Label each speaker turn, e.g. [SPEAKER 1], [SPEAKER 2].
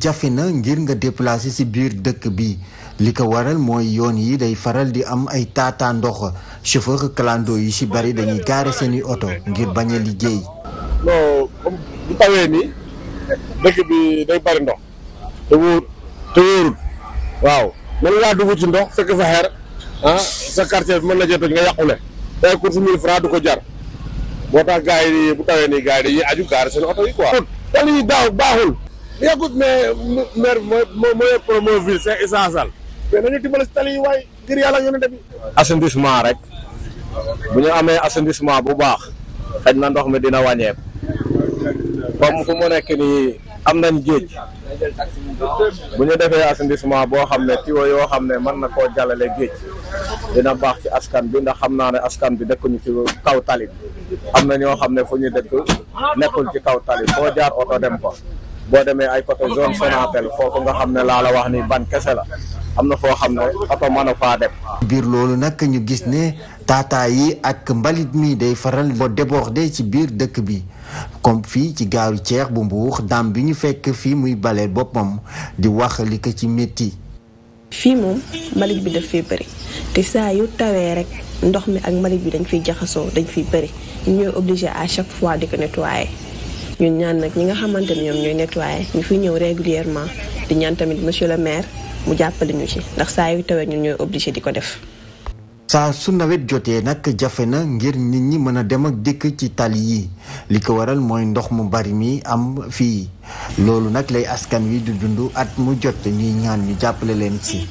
[SPEAKER 1] jafe na ngir nga déplacer ci biir dëkk bi li ko waral mooy yoon yi day faral di am ay taataa ndox chauffeur yi ci bari dañuy gaare seeni oto ngir bañ a liggéey.
[SPEAKER 2] non comme bu tawee nii dëkk bi day bari ndox te wóor te wóorul waaw mën ngaa dugg ci ndox fekk fa xeer ah, sa quartier bi mën na jee toj nga yàqule bu tawee nii gars yi aju gaare seen oto yi quoi. tali yi baaxul. yàggut mais maire mooy mooy promo ville c'est essentiel. mais nañu dimbali si tali yi waaye ngir yàlla yónnee bi. assainissement rek bu ñu amee assainissement bu baax xëy na
[SPEAKER 3] ndox mi dina wàññeeku comme fu mu nekk nii am nañ géej bu ñu defee assainissement boo xam ne tiwo yoo xam ne mën na koo jàllale géej dina baax ci askan bi ndax xam naa ne askan bi dëkkuñu ci kaw tali am na ñoo xam ne fu ñu dëkk nekkul ci kaw tali foo jaar oto dem ko. boo demee ay côté zone foofu nga xam ne laa la wax ni ban kese la am na foo xam ne oto mën faa dem.
[SPEAKER 1] biir loolu nag ñu gis ne taataay yi ak mbalit mi day faral ba déborder ci biir dëkk bi comme fii ci gaaru Ceex bu mbuux daam bi ñu fekk fii muy bale boppam di wax li ko ci métti.
[SPEAKER 4] fii moom mbalit bi daf fee bëri te saa yu tawee rek ndox mi ak mbalit bi dañ fiy jaxasoo dañ fiy bëri ñooy obligé à chaque fois di ko nettoyer. ñu ñaan nag ñi nga xamante ne ñoom ñooy nettoyé ñu fi ñëw régulièrement di ñaan tamit monsieur le maire mu jàppale ñu ci ndax saa yu tawee ñu ñooy obligé di ko def.
[SPEAKER 1] saa su nawet jotee nag jafe na ngir nit ñi mën a dem ak dikk ci tali yi li ko waral mooy ndox mu bari mi am fii loolu nag lay askan wi du dund at mu jot ñuy ñaan ñu jàppale leen si.